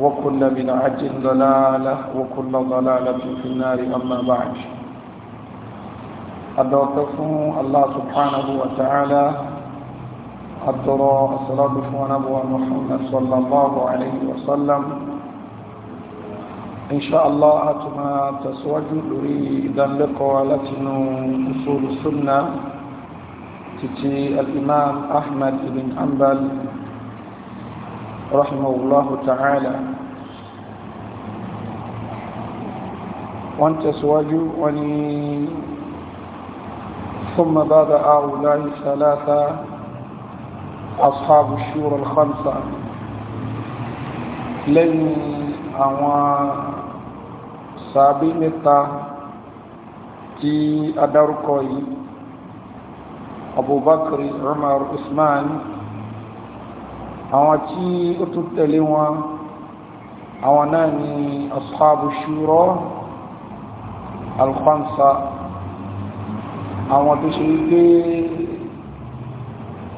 وكل بدعة ضلالة وكل ضلالة في النار أما بعد أدعوكم الله سبحانه وتعالى أدرى الصلاة ونبوة محمد صلى الله عليه وسلم إن شاء الله أتما تسوج أريد أن لقوا لتنو أصول السنة تتي الإمام أحمد بن حنبل رحمه الله تعالى وانت سواجو وني ثم بعد هؤلاء ثلاثة أصحاب الشور الخمسة لن أوان صابي متا تي أداركوي أبو بكر عمر عثمان àwọn tí ó tún tẹ̀lé wọn àwọn náà ni ashabu shura al-khamsa àwọn tó ṣe wípé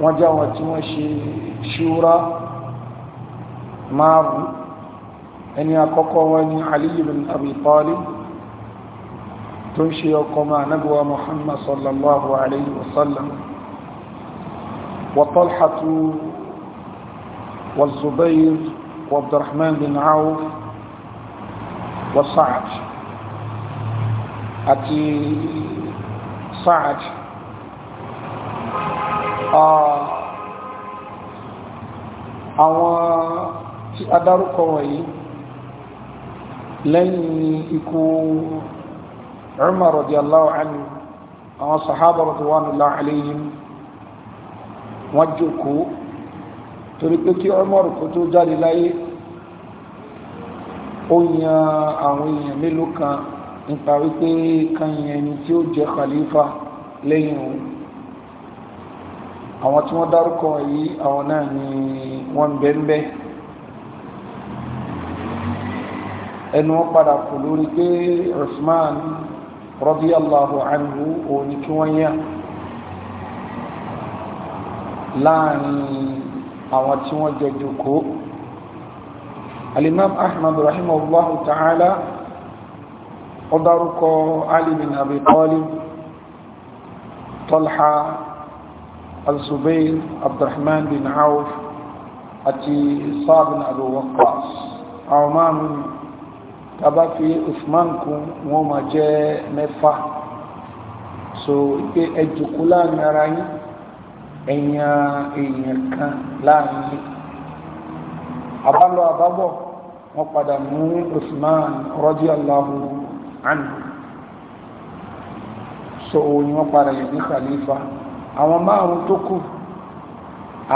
wọ́n jẹ́ àwọn tí wọ́n ṣe shura márùn ẹni àkọ́kọ́ wọn ni Ali ibn tó ń ṣe ọkọ̀ máa nábíwá Muhammad sallallahu alayhi wa wa Talhatu والزبير وعبد الرحمن بن عوف وصعد أتي سعد آه. أو في أدار قوي لن يكون عمر رضي الله عنه أو صحابة رضوان الله عليهم وجهكم torí pé kí Umar kó tó jáde láyé ó yan àwọn èèyàn mélòó kan nípa wípé kan ẹni tí ó jẹ khalifa lẹ́yìn òun àwọn tí wọ́n dárúkọ yìí àwọn náà ni wọ́n ń bẹ́ńbẹ́ ẹnu wọn padà kò lórí pé Usman radiyallahu anhu òun ni kí wọ́n yàn láàrin àwọn tí wọ́n jẹ jòkó alimam ahmad rahimahullahu ta'ala ó dárúkọ ali bin abi talib talha al-zubair abdurrahman bin auf àti sa'd bin abi àwọn márùn tàbá fi usman kún wọ́n ma jẹ́ mẹ́fà so ipe ẹjùkú láàrin ara yìí ẹ̀yàn èèyàn kan láàrin yìí àbálọ àbábọ̀ wọ́n padà mú Usman radiyallahu anhu so òun ni wọ́n padà yẹ̀ ní khalifa àwọn márùn tó kù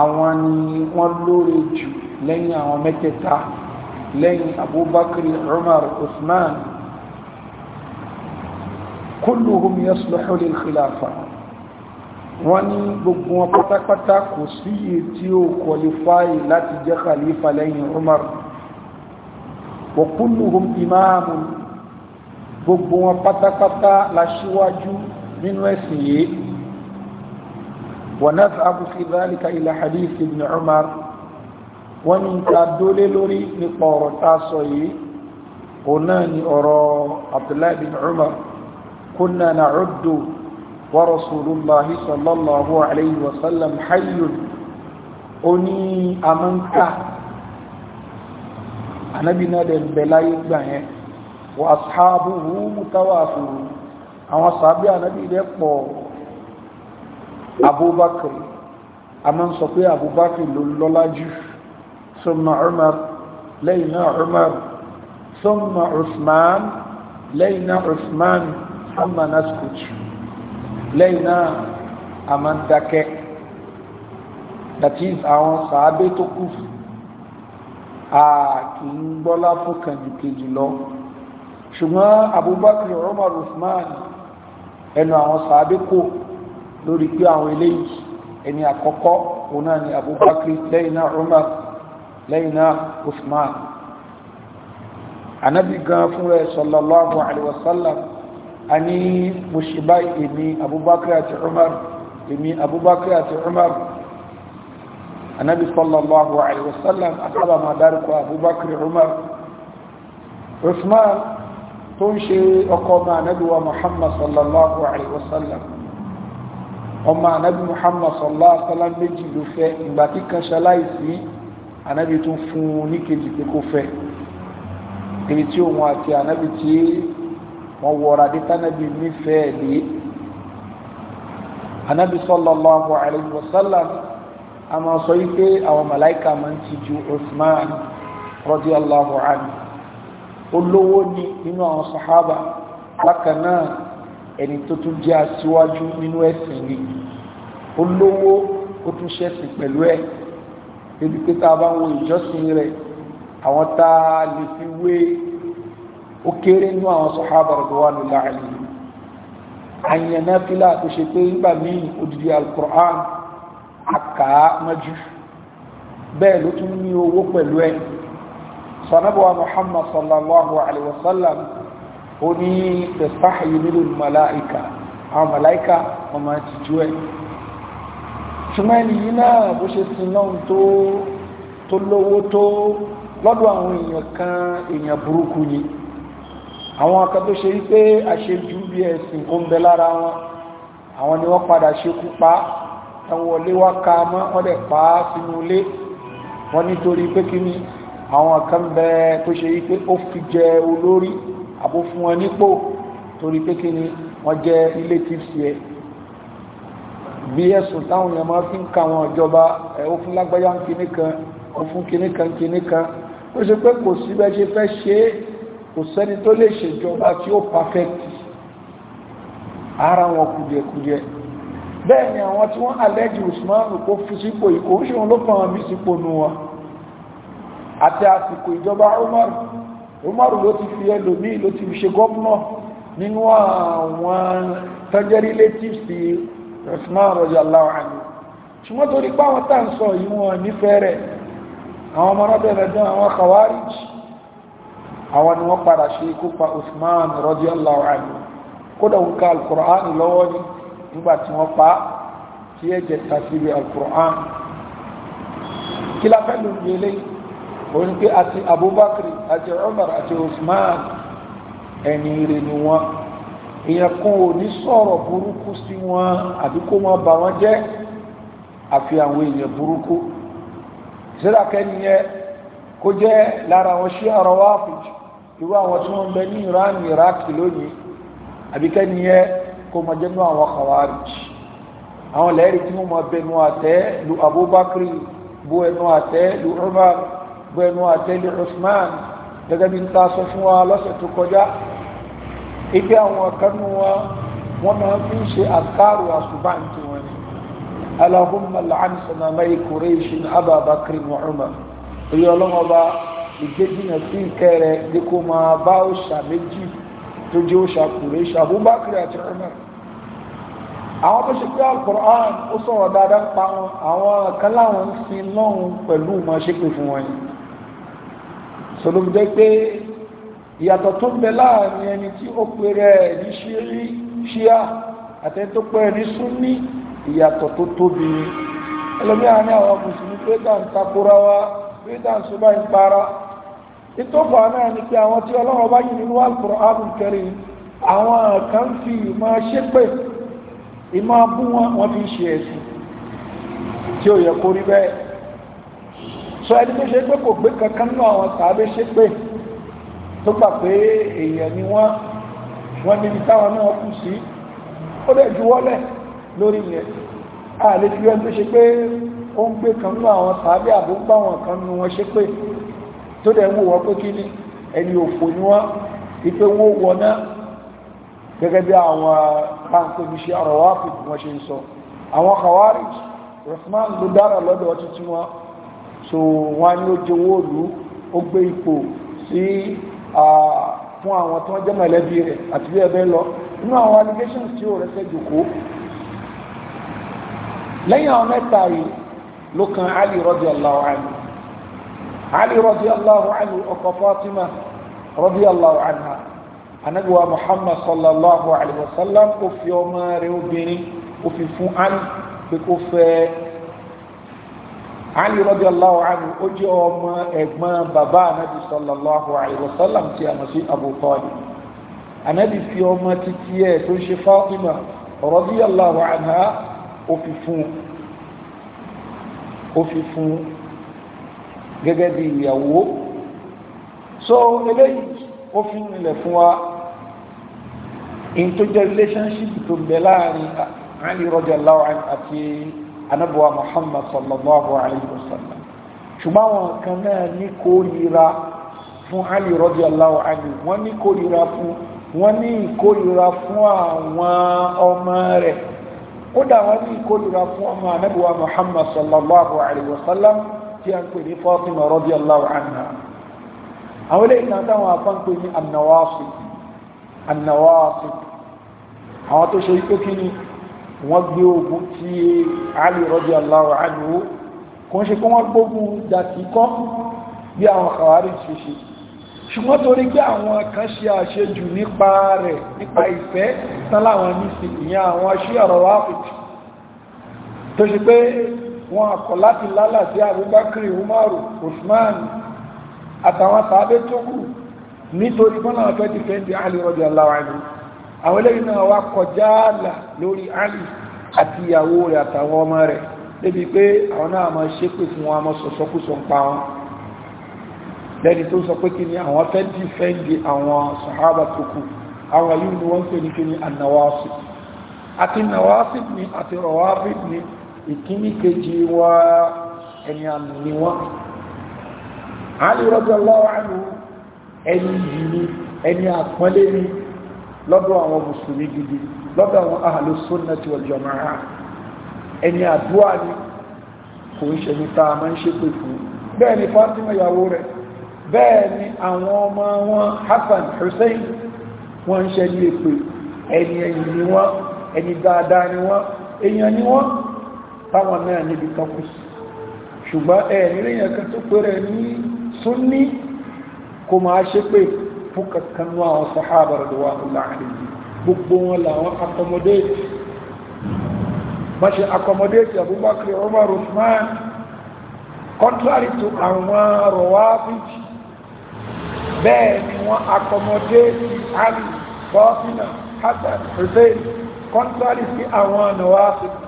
àwọn ni wọ́n lóore jù lẹ́yìn àwọn mẹ́tẹ̀ẹ̀ta lẹ́yìn Abubakar Umar Usman kulluhum yasluhu lil khilafa wọ́n ní gbogbo wọn pátápátá kò sí iye tí ó kọlifáì láti jẹ́ khalifa lẹ́yìn Umar wa kulluhum imáàmù gbogbo wọn pátápátá láṣíwájú nínú ẹ̀sìn yìí wa nadhhabu fi dhalika ila hadith ibn Umar wọ́n ní ta dólé lórí nípa ọ̀rọ̀ tá a sọ yìí òun ni ọ̀rọ̀ Abdullahi bin Umar kunna na'uddu ورسول الله صلى الله عليه وسلم حي oni amanka anabi náà dẹ̀ bẹ̀láyé gbà yẹn wa ashabuhu mutawafir àwọn sàábí anabi dẹ̀ pọ̀ abubakar a máa ń sọ pé abubakar ló lọ́lá jù summa umar lẹ́yìn náà umar summa usman lẹ́yìn náà usman summa naskutu lẹ́yìn náà a máa ń dákẹ́ that is àwọn sàábé tó kù a kì í gbọ́lá fún kànìkejì lọ ṣùgbọ́n Abubakar Umar Usman ẹnu àwọn sàábé kò lórí pé àwọn eléyìí ẹni àkọ́kọ́ òun náà ni Abubakar lẹ́yìn náà Umar lẹ́yìn náà Usman anabi gan fúnra ẹ̀ sallallahu alaihi wasallam a ní mo ṣe báyìí èmi abubakar àti umar èmi abubakar àti umar anabi sallallahu alaihi wasallam asaba ma dárúkọ abubakar umar usman tó ń ṣe ọkọ ọmọ anabi wa muhammad sallallahu alaihi wasallam ọmọ anabi muhammad sallallahu alaihi wasallam méjì ló fẹ́ ìgbà tí kan ṣaláìsí anabi tún fún un ní kejì pé kó fẹ́ èyí tí òun àti anabi tí wọ́n wọra dé tánàbí nífẹ̀ẹ́ dé anabi sallallahu alayhi wa sallam a máa sọ yìí pé àwọn màláìka máa ń ti ju usman radiyallahu anhu olówó ni nínú àwọn sahaba bákan náà ẹni tó tún jẹ́ aṣíwájú nínú ẹ̀sìn rí olówó ó tún ṣẹ̀sìn pẹ̀lú ẹ̀ ebi pé tá a bá ń wo ìjọsìn rẹ̀ àwọn tá a lè fi wé ó kéré nínú àwọn sọ̀hábà radwanullahi alayhim àyàn náfílà tó ṣe pé nígbà míì odidi alukur'an àkàá mọ́jú bẹ́ẹ̀ ló tún ní owó pẹ̀lú ẹ̀ sọ̀nàbọ̀wá muhammad sallallahu alayhi wa sallam ó ní tẹ̀sáhìí nílò màláìka àwọn màláìka ọmọ ti jú ẹ̀ ṣùgbọ́n ẹni náà bó ṣe sin náà tó tó lówó tó lọ́dọ̀ àwọn èèyàn kan èèyàn burúkú yìí àwọn akẹ́ tó ṣe wípé àṣejù bí ẹ̀sìn ó ń bẹ lára wọn àwọn ni wọ́n padà ṣekú pa ẹwọ lé wá ká mọ́ wọ́n dẹ̀ pa á sínú ilé wọ́n nítorí pé kí ni àwọn kan tó ṣe wípé ó fi jẹ olórí àbó fún wọn nípò torí pé kí ni wọ́n jẹ ilé tìfsì ẹ̀ bí ẹ̀sùn táwọn èèyàn máa fi ń ka àwọn ìjọba ó fún lágbájá ń kíní kan ó fún kíní kan kíní kan ó ṣe pé kò síbẹ̀ ṣe fẹ́ ṣe é kò sẹ́ni tó lè ṣèjọba tí ó pàfẹ́tì ara wọn kùdìẹ̀kùdìẹ̀ bẹ́ẹ̀ ni àwọn tí wọ́n alẹ́jì usmanu kó fi sípò ìkó ṣeun ló fọ́n mi sípò nù wọn àti àsìkò ìjọba umaru umaru ló ti fi ẹlòmí ló ti fi ṣe gọ́ọ̀nà nínú àwọn tọ́jẹ́rí létíf sí usman radiyallahu anhu ṣùgbọ́n torí pé tá à ń sọ yìí wọn nífẹ̀ẹ́ rẹ̀ àwọn ọmọ náà dán àwọn khawarij àwọn ni wọ́n padà ṣe ikú pa Usman radiyallahu anhu kódà ń ka alukur'an lọ́wọ́ ni nígbà tí wọ́n pa tí ẹ jẹ tasiri alukur'an kí la fẹ́ lóun yẹlé òun pé àti Abubakar àti Umar àti Usman ẹni rè ni wọn èèyàn kan ò ní sọ̀rọ̀ burúkú sí wọn àbí kó wọn bà wọn jẹ́ àfi àwọn èèyàn burúkú sírakẹ́ni yẹ kó jẹ́ lára wọn ṣí àrọ̀wá àfìjì irú àwọn tí wọ́n ń bẹ ní Iran Iraq lónìí àbíkẹ́ni yẹ kó mọ jẹ́nu àwọn khawarij àwọn lẹ́rìí tí wọ́n mọ bẹnu àtẹ́ lu Abubakar bu ẹnu àtẹ́ lu Umar bu ẹnu àtẹ́ lu Usman gẹ́gẹ́ bí n ta sọ fún wa lọ́sẹ̀ tó kọjá ibi àwọn kanu wa wọ́n máa fi ń ṣe àkárò àṣùbáǹtì wọn ni Allahumma la'an sanamai Qurayshin Abubakar wa Umar ọlọ́mọba ìgbéjìnà sí ìkẹrẹ ní kó máa bá òṣà méjì tó jẹ́ òṣà kùrẹ́ ṣà àti Umar àwọn tó ṣe pé Al-Qur'an ó sọ̀rọ̀ dáadáa ń pa wọn àwọn kan láwọn ń sin lọ́hùn pẹ̀lú ìmọ̀ ṣépè fún wọn yìí sọlọ́mù jẹ́ pé ìyàtọ̀ tó ń bẹ láàrin ẹni tí ó pè rẹ̀ ní ṣíà àtẹni tó pè ní súnní ìyàtọ̀ tó tóbi ẹlòmíràn ní àwọn mùsùlùmí pé dáǹtakúra wa pé dáǹsọ́bá ń para ìtòfà náà ni pé àwọn tí ọlọ́wọ́ bá yìí nínú Al-Qur'anul Karim àwọn kan fi ìmọ̀ ṣépè ìmọ̀ bú wọn wọn fi ṣe ẹ̀sìn tí ó yẹ kó rí bẹ́ẹ̀ sọ ẹni tó ṣe pé kò gbé kankan náà àwọn sàábé ṣépè tó gbà pé èèyàn ni wọ́n wọ́n níbi táwọn náà kù sí ó dẹ̀ juwọ́lẹ̀ lórí ilẹ̀ àlejò ẹni tó ṣe pé ó ń gbé kan náà àwọn sàábé àbúgbà wọn kan nu wọn ṣépè tó dẹ̀ wò wọ́n pé kí ni ẹni òfò ni wọ́n ipe wó wọ́n náà gẹ́gẹ́ bí àwọn báńkì oníṣẹ́ ọ̀rọ̀ wá fi wọ́n ṣe ń sọ àwọn Khawarij Usman ló dára lọ́dọ̀ ọtí tí wọ́n so wọ́n ní ó jowó òlú ó gbé ipò sí fún àwọn tó jẹ́ mọ̀lẹ́bí rẹ̀ àti bí ẹbẹ́ lọ inú àwọn allegations tí ó rẹ̀fẹ́ jòkó lẹ́yìn àwọn mẹ́ta yìí ló kan Ali radiyallahu anhu ali radiyallahu anhu ọkọ fatima radiyallahu anha anagba muhammad sallallahu alayhi wa sallam ó fi ọmọ rẹ̀ obìnrin ó fi fún ali pé kó fẹ́ ali radiyallahu anhu ó jẹ́ ọmọ ẹ̀gbọ́n bàbá anabi sallallahu alayhi wa sallam tí a mọ̀ sí abu talib anabi fi ọmọ títí ẹ̀ tó ń ṣe fatima radiyallahu anha ó fi fún ó fi fún gẹ́gẹ́ bí ìyàwó so eléyìí ó fi nílẹ̀ fún wa in tó jẹ́ relationship tó bẹ̀ láàrin Ali radiyallahu anhu àti anábọ̀wá Muhammad sallallahu alayhi wa sallam ṣùgbọ́n àwọn kan náà ní kórìíra fún Ali radiyallahu anhu wọ́n ní kórìíra fún wọ́n ní ìkórìíra fún àwọn ọmọ rẹ̀ kódà wọ́n ní ìkórìíra fún ọmọ anábọ̀wá Muhammad sallallahu alayhi wa tí a ń pè ní Fatima radiyallahu anha àwọn eléyìí náà táwọn afán pè ní an-nawasib an-nawasib àwọn tó ṣe ikú kí ni wọ́n gbé ogun tí Ali radiyallahu anhu kò ń ṣe kó wọ́n gbógun dàtí kọ́ bí àwọn Khawarij ṣe ṣe ṣùgbọ́n torí pé àwọn kan ṣe àṣejù nípa rẹ̀ nípa ìfẹ́ tán láwọn ní sí ìyẹn àwọn aṣí ọ̀rọ̀ tó ṣe pé wọn akọ̀ láti lálà sí Abubakar Umaru Usman àtàwọn sàábé tó kù nítorí bọ́nà ọ̀fẹ́ ti fẹ́ di Ali radiyallahu anhu àwọn eléyìí náà wá kọjá àlà lórí Ali àti ìyàwó rẹ̀ àtàwọn ọmọ rẹ̀ débi pé àwọn náà máa ṣépè fún wọn a máa sọ̀sọ́kùsọ ń pa wọn lẹ́ni tó sọ pé kí ni àwọn fẹ́ dìfẹ́ǹdì àwọn sàhábà tó kù àwọn yìí ni wọ́n ń pè ní kí ni ànàwásí àti nàwásí ni àti rọ̀wáfí ni ìkíní kejì wa ẹni àmì ni wọ́n Ali radiyallahu anhu ẹni yìí ni ẹni àpọ́nlé ni lọ́dọ̀ àwọn mùsùlùmí gidi lọ́dọ̀ àwọn ahlu sunnati wal jamaa'ah ẹni àdúrà ni kò ń ṣe ní ta máa ń ṣépè fún bẹ́ẹ̀ ni Fatima ìyàwó rẹ̀ bẹ́ẹ̀ ni àwọn ọmọ wọn Hassan Hussein wọ́n ń ṣe ní èpè ẹni ẹ̀yìn ni wọ́n ẹni dáadáa ni wọ́n èèyàn ni wọ́n táwọn náà níbi kan kù sí ṣùgbọ́n ẹ níléyàn kan tó pé rẹ̀ ní súnní kò máa ṣe pé fún kankan nú àwọn sàhábà radiyallahu anhum gbogbo wọn làwọn accommodate wọ́n ṣe accommodate Abubakar Umar Usman contrary to àwọn bẹ́ẹ̀ ni wọ́n accommodate Ali Fatima Hassan Hussein contrary sí àwọn nawáfíjì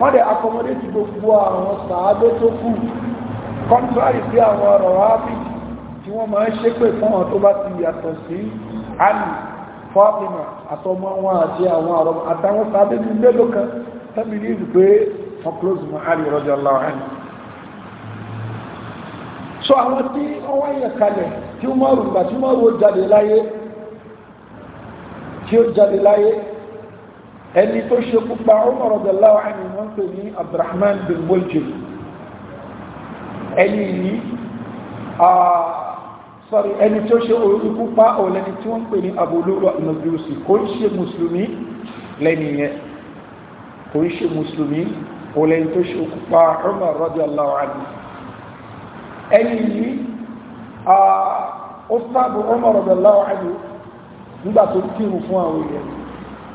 wọ́n dẹ̀ accommodate gbogbo àwọn sàábé tó kù contrary sí àwọn ọ̀rọ̀ ábí tí wọ́n máa ń ṣépè fún wọn tó bá ti yàtọ̀ sí Ali Fatima àtọmọ wọn àti àwọn àrọ̀ àtàwọn sàábé ní mélòó kan tẹ́mi ní ìgbé wọn close mọ́ Ali radiyallahu anhu ẹni tó ṣekú pa Umar radiyallahu anhu wọ́n pè ní Abdurrahman bin Muljim ẹni yìí sorry ẹni tó ṣe orúkú pa ọ̀lẹ́ni tí wọ́n pè ní Abu Lu'lu' al-Majusi kò ń ṣe mùsùlùmí lẹ́ni yẹn kò ń ṣe mùsùlùmí ọ̀lẹ́ni tó ṣekú pa Umar radiyallahu anhu ẹni yìí ó sábò Umar radiyallahu anhu nígbà tó kírun fún àwọn èèyàn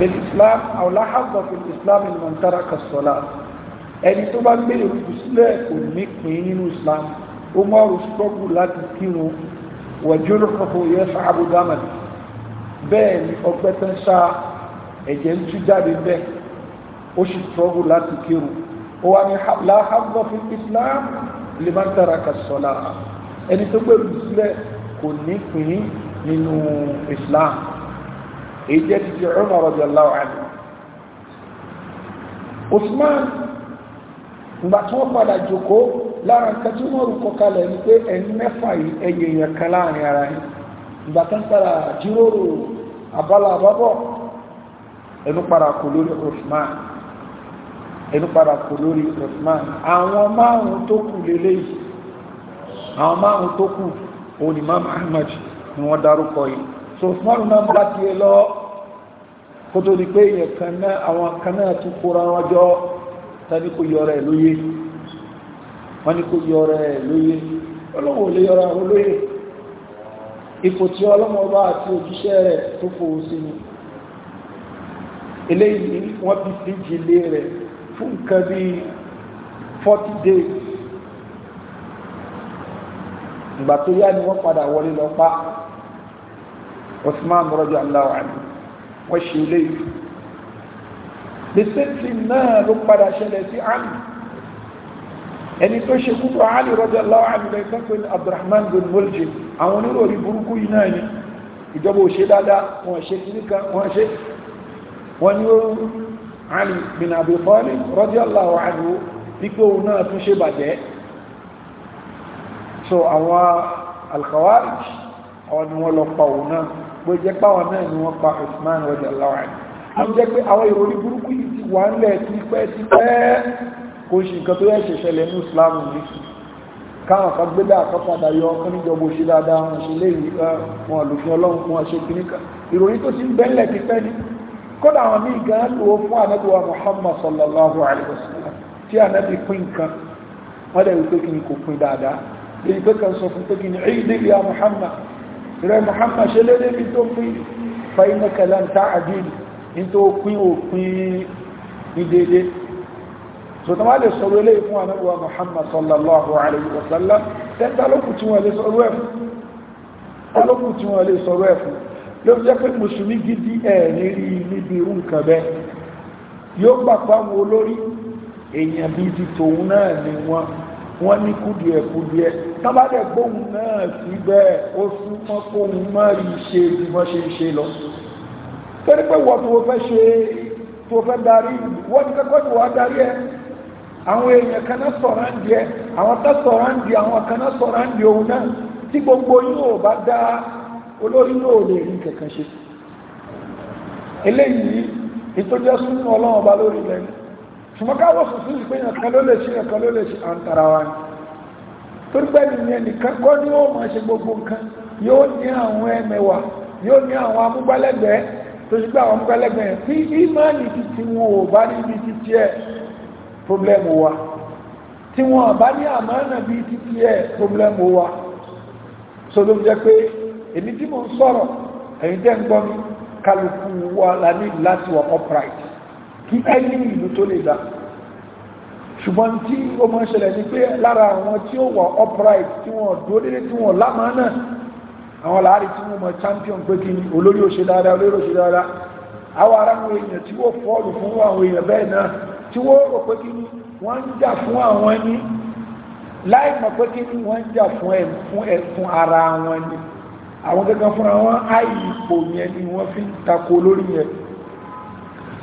بالإسلام أو لا حظ في الإسلام لمن ترك الصلاة ẹni tó bá gbé ìrùkù sílẹ̀ kò ní pín nínú islam ó mọ́rù sọ́gbù láti kírun wọ̀júrù fọ́fọ́ yẹ sàábù dámàd bẹ́ẹ̀ ni ọgbẹ́ tán sá ẹ̀jẹ̀ ń tú jáde bẹ́ẹ̀ ó sì sọ́gbù láti kírun ó wá ní láhàbọ̀ fún islam lè má tara ka sọ́lá ẹni tó gbé ìrùkù kò ní pín nínú islam èyí jẹ́ títí Umar radiyallahu anhu Usman ìgbà tí wọ́n padà jòkó lára nǹkan tí wọ́n rúkọ kalẹ̀ ní pé ẹni mẹ́fà yìí ẹyẹ èèyàn kan láàrin ara yìí ìgbà tó ń padà jíròrò àbálà àbábọ̀ ẹnu padà kò lórí Usman ẹnu padà kò lórí Usman àwọn márùn tó kù lélẹ́yìí àwọn márùn tó kù òní Imam Ahmad ni wọ́n dárúkọ yìí so small náà bá tiẹ̀ lọ kó tó di pé èèyàn kan náà àwọn kan náà tún kóra wọn jọ tani kò lóye wọn ni kò yọrọ ẹ̀ lóye ọlọ́wọ́ lè ipò tí àti òjíṣẹ́ rẹ̀ tó fòó sí ni eléyìí wọ́n bí díjìlé rẹ̀ fún nǹkan bí 40 days ìgbà tó Osman rọ́jọ́ aláwọ̀ wọ́n ṣe ilé ìlú the same thing náà ló padà ṣẹlẹ̀ sí Ali ẹni tó ṣe kúrò Ali rọ́jọ́ aláwọ̀ àmìlẹ̀ ìfẹ́kùn Abdurrahman bin Mulji àwọn oníròrí burúkú yìí náà ni so àwọn al àwọn ni wọ́n lọ pa òun náà bó jẹ́ páwọn náà ni wọ́n pa Usman radiyallahu anhu àwọn jẹ́ pé àwọn ìròyìn burúkú yìí ti wà ńlẹ̀ tí pẹ́ tí pẹ́ kò ṣe nǹkan tó yẹ ṣẹ̀ṣẹ̀lẹ̀ ní Islam ní káwọn kan gbé dáa kan padà yọ ọkàn níjọba òṣè dáadáa wọn ṣe léyìí wọn lòfin Ọlọ́run wọn ṣe kìnnìkan ìròyìn tó ti ń bẹ́ńlẹ̀ ti ni kódà àwọn míì gan lò ó fún anábìwa Muhammad sallallahu alayhi wa sallam tí anábì pín nǹkan wọ́n rẹ̀ Muhammad ṣe lédè bí tó pín fàínà kẹlẹ́ntà àdìl ní tó pín òpin ìdèdè so tó máa sọ̀rọ̀ ilé fún ànábì wa Muhammad sallallahu alaihi wasallam sallam tẹ́ta lókù tí wọ́n lè sọ̀rọ̀ ẹ̀fún lókù tí wọ́n ló jẹ́ pé mùsùlùmí gidi ẹ̀ nírí níbi irú nǹkan bẹ́ẹ̀ yóò gbà pàwọn olórí èèyàn bíi ti tòun náà ni wọ́n wọ́n ní kúdìẹ̀kúdìẹ̀ tábàdẹ̀ gbóhùn náà síbẹ̀ ó súnmọ́ kóhùn má rí ṣe bí wọ́n ṣe ń ṣe lọ torí pé wọ́n tó fẹ́ ṣe tó fẹ́ darí wọ́n ti kọ́kọ́ tó wá darí ẹ àwọn èèyàn kan náà sọ̀rọ̀ ń di ẹ àwọn kan sọ̀rọ̀ àwọn kan náà òun náà tí gbogbo yóò bá dá olórí náà lè rí kankan ṣe eléyìí ètò ọlọ́run ọba lórí lẹ́nu ṣùgbọ́n káwọ́ sùsùn ìpé ẹ̀kan ló lè ṣe ẹ̀kan ló lè ṣe àǹtara wa ni torípẹ́ nìyẹn nìkan kọ́ ní ó máa ṣe gbogbo nǹkan yóò ní àwọn ẹmẹ̀wà yóò ní àwọn amúgbálẹ́gbẹ̀ẹ́ tó ṣe pé àwọn amúgbálẹ́gbẹ̀ẹ́ tí ìmáàlì ti ti wọn ò bá níbi títí ẹ̀ pọ́blẹ́mù wa tí wọn bá ní àmánà bíi títí ẹ̀ pọ́blẹ́mù wa so ló jẹ́ pé èmi tí mo ń sọ̀rọ̀ ẹ̀yin tẹ́ ń gbọ́ kálukú wa la láti wà upright kí ẹni ìlú tó lè dá ṣùgbọ́n tí ó mọ́ ṣẹlẹ̀ ní pé lára àwọn tí ó wà upright tí wọ́n dúró dédé tí wọ́n lámàá náà àwọn láàárín tí wọ́n mọ̀ champion pé kí olórí ó ṣe dáadáa olórí ó ṣe dáadáa àwọn ará àwọn èèyàn tí wọ́n fọ́ọ̀lù fún àwọn èèyàn bẹ́ẹ̀ náà tí wọ́n rò pé kí wọ́n ń jà fún àwọn ẹni láì mọ̀ pé kí wọ́n ń jà fún ẹ̀ fún ẹ̀ fún ara wọn ni àwọn gẹ́gẹ́ fúnra wọn àìyípo yẹn ni wọ́n fi ń tako olórí yẹn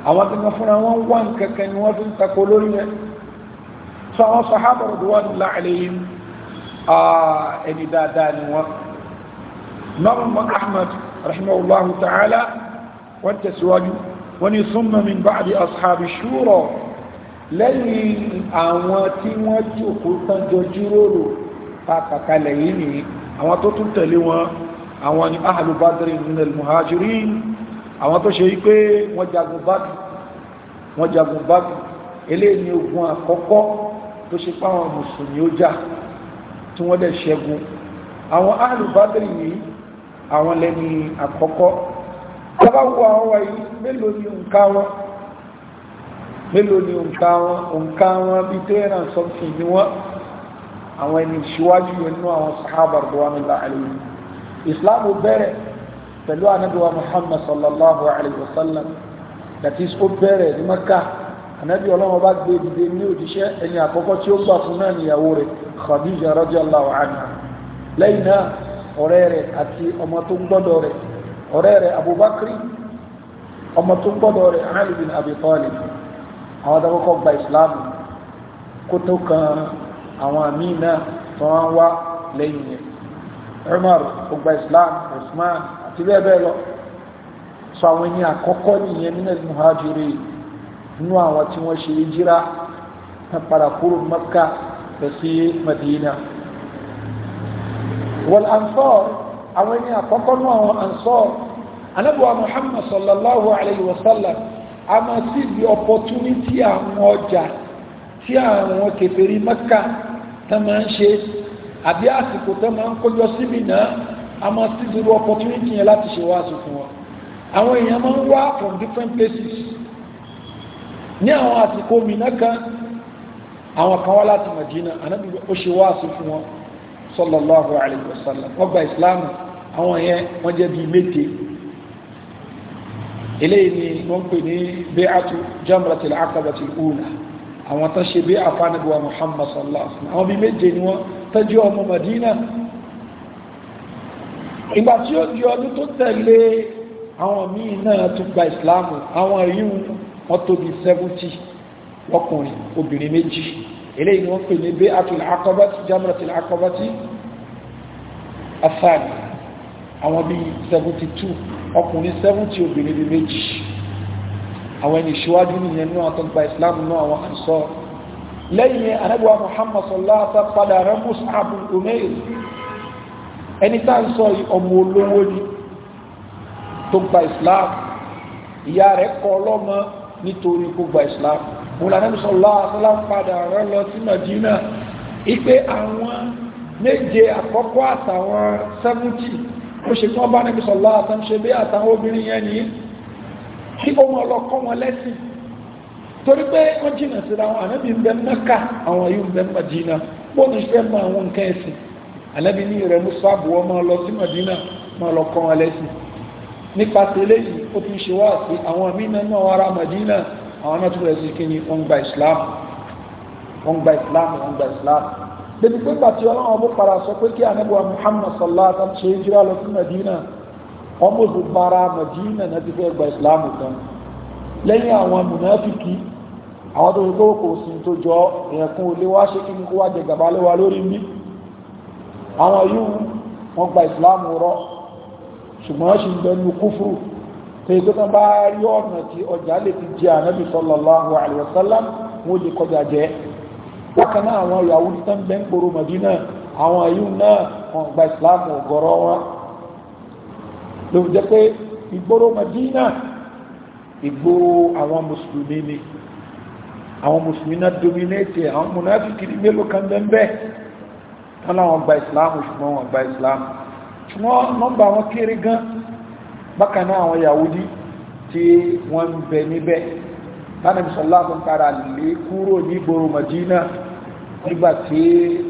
àwọn tí wọ́n fúnra wọn wà nǹkankan ni wọ́n fi ń takò lórí rẹ̀ sọ àwọn sàhábà radwanullahi alayhim ẹni dáadáa ni wọ́n nọ́ọ̀mù ahmad rahimahullahu ta'ala wọ́n tẹ̀síwájú wọ́n ni summa min ba'di ashabi shura lẹ́yìn àwọn tí wọ́n jòkó tánjọ jíròrò pàpàkalẹ̀ yìí ni àwọn tó tún tẹ̀lé wọn àwọn ni ahlu badri muhajirin àwọn tó ṣe wípé wọ́n jagun báàkì wọ́n jagun báàkì eléyìí ni ogun àkọ́kọ́ tó ṣe páwọn mùsùlùmí ó jà tí wọ́n dẹ̀ ṣẹ́gun àwọn alùbádìrì yìí àwọn lẹ́ni àkọ́kọ́ tàbáwọ àwọn wáyé mélòó ni òǹkà wọn mélòó ni òǹkà wọn òǹkà wọn bí tẹ́ẹ̀rà sọ́tún ni wọ́n àwọn ẹni ìṣíwájú yẹn àwọn sàhábà rọ̀wánilá àlè bẹ̀rẹ̀ pẹ̀lú anabiwa muhammad sallallahu alayhi wa sallam that is ó bẹ̀rẹ̀ ní maka anabi ọlọ́wọ́ bá gbé dìde ní òjíṣẹ́ ẹni àkọ́kọ́ tí ó gbà fún náà níyàwó rẹ̀ khadija radiyallahu anha lẹ́yìn náà ọ̀rẹ́ rẹ̀ àti ọmọ tó ń gbọ́dọ̀ rẹ̀ ọ̀rẹ́ rẹ̀ abubakri ọmọ tó ń gbọ́dọ̀ rẹ̀ ali bin abi talib àwọn dákọ́kọ́ gba islam kó tó kan àwọn àmì náà tó wá lẹ́yìn rẹ̀ umar ó gba islam usman àti bẹ́ẹ̀ bẹ́ẹ̀ lọ sọ àwọn ẹni àkọ́kọ́ nìyẹn nínú muhajiri nínú àwọn tí wọ́n ṣe jíra na padà kúrò Mẹ́kà lọ sí Madina wal ansar àwọn ẹni àkọ́kọ́ nínú àwọn ansar anábùwà Muhammad sallallahu alayhi wa sallam a máa sí ibi opportunity àwọn ọjà tí àwọn kèfèrí Mẹ́kà tó máa ń ṣe àbí àsìkò tó máa ń kójọ síbi náà a máa sí zero opportunity yẹn láti ṣe wáàsù fún wa àwọn èèyàn máa ń wá from different places ní àwọn àsìkò mìíràn kan àwọn kan wá láti Madina anábì ó ṣe wáàsù fún wọn sallallahu alayhi wa sallam wọ́n gba ìsìláàmù àwọn yẹn wọ́n jẹ́ bíi méje eléyìí ni wọ́n pè ní bí'atu jamratil aqabatil ula àwọn tán ṣe bí àfánàbíwá Muhammad sallallahu alayhi wa sallam àwọn bíi méje ni wọ́n tọ́jú ọmọ Madina ìgbà tí ó di ọdún tó tẹ̀lé àwọn míì náà tún gba ìsìláàmù àwọn yíò wọ́n tóbi 70 ọkùnrin obìnrin méjì eléyìí ni wọ́n pè ní bí àtúlẹ̀ akọ́bátí jamratul akọ́bátí afáàlì àwọn bíi 72 ọkùnrin 70 obìnrin bíi méjì àwọn ẹni ìṣíwájú nìyẹn náà tó gba ìsìláàmù náà àwọn àṣọ lẹ́yìn anábíwá muhammad ẹni tá ń sọ ọmọ olówó ni tó gba islam ìyá rẹ̀ kọ ọlọ́mọ nítorí kó gba islam mùlànàmì sọlá àtàlà padà rán lọ sí Madina ipe àwọn méje àkọ́kọ́ àtàwọn sẹ́fúntì ó ṣe tí bá níbi sọlá àtàmṣe bí àtàwọn obìnrin yẹn ni kí ó mọ lọ kọ́ wọn lẹ́sìn torí pé wọ́n jìnnà síra wọn ànábì ń bẹ Mẹ́kà àwọn yìí ń bẹ Madina bóun ṣe mọ àwọn nǹkan ẹ̀sìn anábì ní rẹ̀ Mus'ab wọ́n máa lọ sí Madina máa lọ kọ́ wọn lẹ́sìn nípasẹ̀ eléyìí ó fi ṣe wá sí àwọn mínà náà ará Madina àwọn náà tún rẹ̀ sí kí ni wọ́n gba Islam wọ́n gba Islam wọ́n gba Islam débi pé pàtí ọlọ́wọ́n bó para sọ pé kí anábì wa Muhammad sallallahu alaihi wasallam ṣe hijira lọ sí Madina wọ́n bó para Madina náà ti fẹ́ gba Islam kan lẹ́yìn àwọn munafiki àwọn tó fi kó kò sí tó jọ ẹ̀kún olé wá ṣe kí ni kó wá jẹ gàbá lé wa lórí mi àwọn yíò wọ́n gba ìsìláàmù rọ́ ṣùgbọ́n ṣe ń bẹnu kúfúrú tó ìgbé kan bá rí ọ̀nà tí ọjà lè fi jẹ ànábì sallallahu alaihi wasallam wọ́n lè kọjá jẹ́ bákan náà àwọn ìyàwó tí tán bẹ́ ń gbòrò Mádínà àwọn yíò náà wọ́n gba ìsìláàmù wọ́n láwọn gba ìsìláàmù ṣùgbọ́n wọn gba ìsìláàmù ṣùgbọ́n nọ́mbà wọn kéré gan bákan náà àwọn Yahudi tí wọ́n ń bẹ níbẹ̀ lánàbí sọláàmù kára lè kúrò ní ìgboro Madina nígbà tí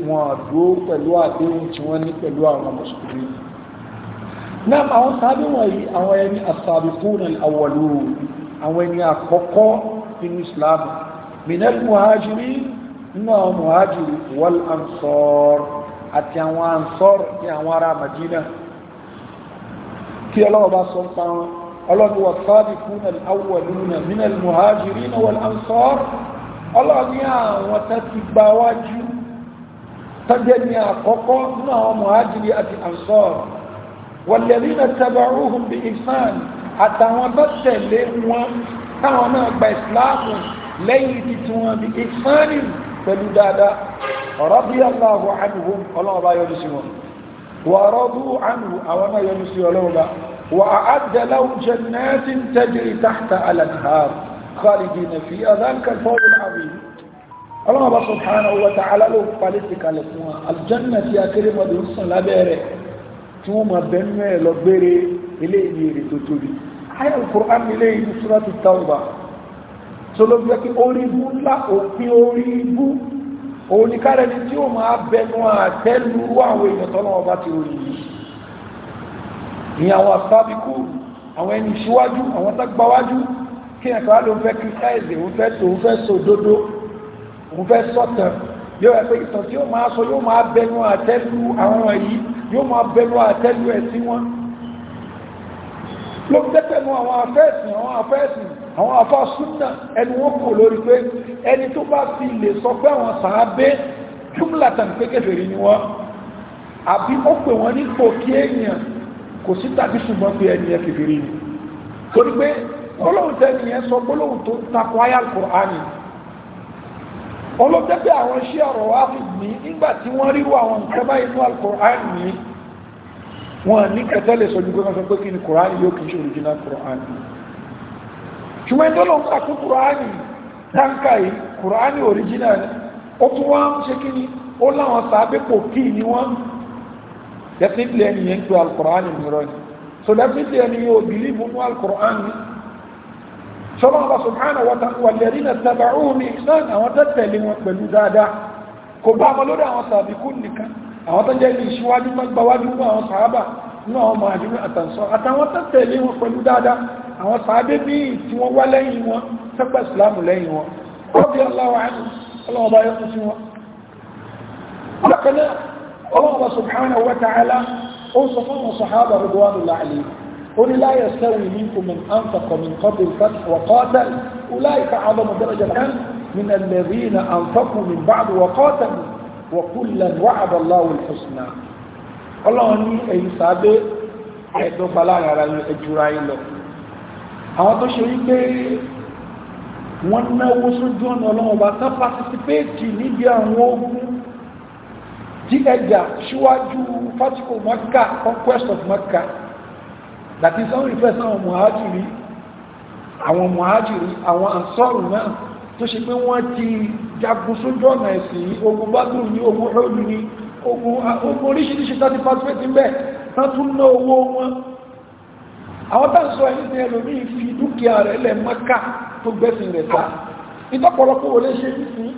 wọ́n dúró pẹ̀lú àdéhùn tí wọ́n ní pẹ̀lú àwọn mùsùlùmí náà àwọn sábẹ́ wọ̀nyí àwọn ẹni as-sabiquna al àwọn ẹni àkọ́kọ́ nínú Islam minal muhajirin nínú àwọn muhajiri wal ansar àti àwọn ansor ní àwọn ará Madina kí ọlọ́wọ́ bá sọ ń pa wọn ọlọ́run wọ sáàbì fún àwọlúnà minal muhajirina wal ansar ọlọ́run àwọn tó ti gba wájú tọ́jẹ́ ní àkọ́kọ́ náà radiyallahu anhum ọlọ́ọ̀bá yọ́nú sí wọn wà radu anhu àwọn náà yọ́nú sí ọlọ́ọ̀bá wà a'adda lahum jannatin tajri tahta al-anhar khalidina fiha dhalika al-fawz al-'azim ọlọ́ọ̀bá subhanahu wa ta'ala ló falẹ̀ sí kalẹ̀ fún wa aljanna ti akéré mọ́dé ń sàn lábẹ́rẹ̀ tí wọ́n máa bẹ̀rù ẹ̀ orí bú ńlá òfin orí bú òun ni kára ẹni tí ó máa bẹnu àtẹ́lu rú àwọn èèyàn tọ́lọ́wọ́ bá ti ròyìn yìí ní àwọn àsábíkú àwọn ẹni síwájú àwọn tágbáwájú kí ẹ̀kọ́ á ló ń fẹ́ kírísáìsì òun fẹ́ tó òun fẹ́ sọ òdodo òun fẹ́ sọ̀tàn yóò ẹgbẹ́ ìtàn tí ó máa sọ yóò máa bẹnu àtẹ́lu àwọn yìí yóò máa bẹnu àtẹ́lu ẹ̀sìn wọn ló ń tẹ́pẹ̀nu àwọn afẹ́ẹ̀sìn àwọn afẹ́ẹ̀sìn àwọn afọ́ súnà ẹni wọ́n kò lórí pé ẹni tó bá fi lè sọ pé àwọn sàábé jùmlàtàn pé kèfèrí ni wọ́n àbí ó pè wọ́n nípò kí èèyàn kò sí tàbí ṣùgbọ́n pé ẹni ẹ kèfèrí ni torí pé gbólóhùn tẹ́ni sọ gbólóhùn tó takò original kùránì ṣùgbọ́n tó lọ ń pàtó kùránì dáńkà yìí kùránì original ó tún wá ń ṣe kí ni ó láwọn sàábẹ́pò kí ni wọ́n definitely ẹni yẹn ń pe alkùránì mìíràn ni so definitely ẹni yóò bìlíìfù ní alkùránì sọ́lọ́ ọba subhanahu wa ta'ala walladhina taba'uhu bi ihsan àwọn tó tẹ̀lé wọn pẹ̀lú dáadáa kò bá ọmọ lórí àwọn sàbíkún nìkan àwọn tó jẹ́ ilé ìṣíwájú gbáwájú fún àwọn sàábà nínú àwọn màájú àtàǹsọ́ àtàwọn tó tẹ̀lé wọn pẹ̀lú dáadáa àwọn sàábé míì tí wọ́n wá lẹ́yìn wọn tẹ́pẹ̀ ìsìlámù lẹ́yìn wọn rọ́bí aláwọ̀ àánú ọlọ́ọ̀bá yọ́kú sí wọn bákanáà ọlọ́ọ̀bá subhanahu wa ta'ala ó sọ fún àwọn sàhábà ridwanullahi alayhim ó ní la yastawi minkum man anfaqa min qabli al-fath wa qatala ulaika a'zamu darajatan min ẹ̀yìn sàábé ẹ̀dọ́gbalá ẹjúra yìí àwọn tó ṣe wípé wọ́n náwó sójú ọ̀nà ọlọ́run bá tán pàtísípéètì níbi àwọn ogun tí ẹjà síwájú fásitì Mecca conquest of Mecca that is only first àwọn muhajiri àwọn muhajiri àwọn ansọ́rù náà tó ṣe pé wọ́n ti jagun sójú ọ̀nà ẹ̀sìn ogun bádùn ní ogun ọdún ní ogun oríṣiríṣi tàbí pàtísípéètì bẹ́ẹ̀ tán tún ná owó wọn àwọn tá ń sọ ẹni tí ẹlòmí fi dúkìá rẹ̀ lẹ̀ mọ́ká tó gbẹ́sìn rẹ̀ ta ìtọ́pọ̀lọpọ̀ ò lè ṣe nísìn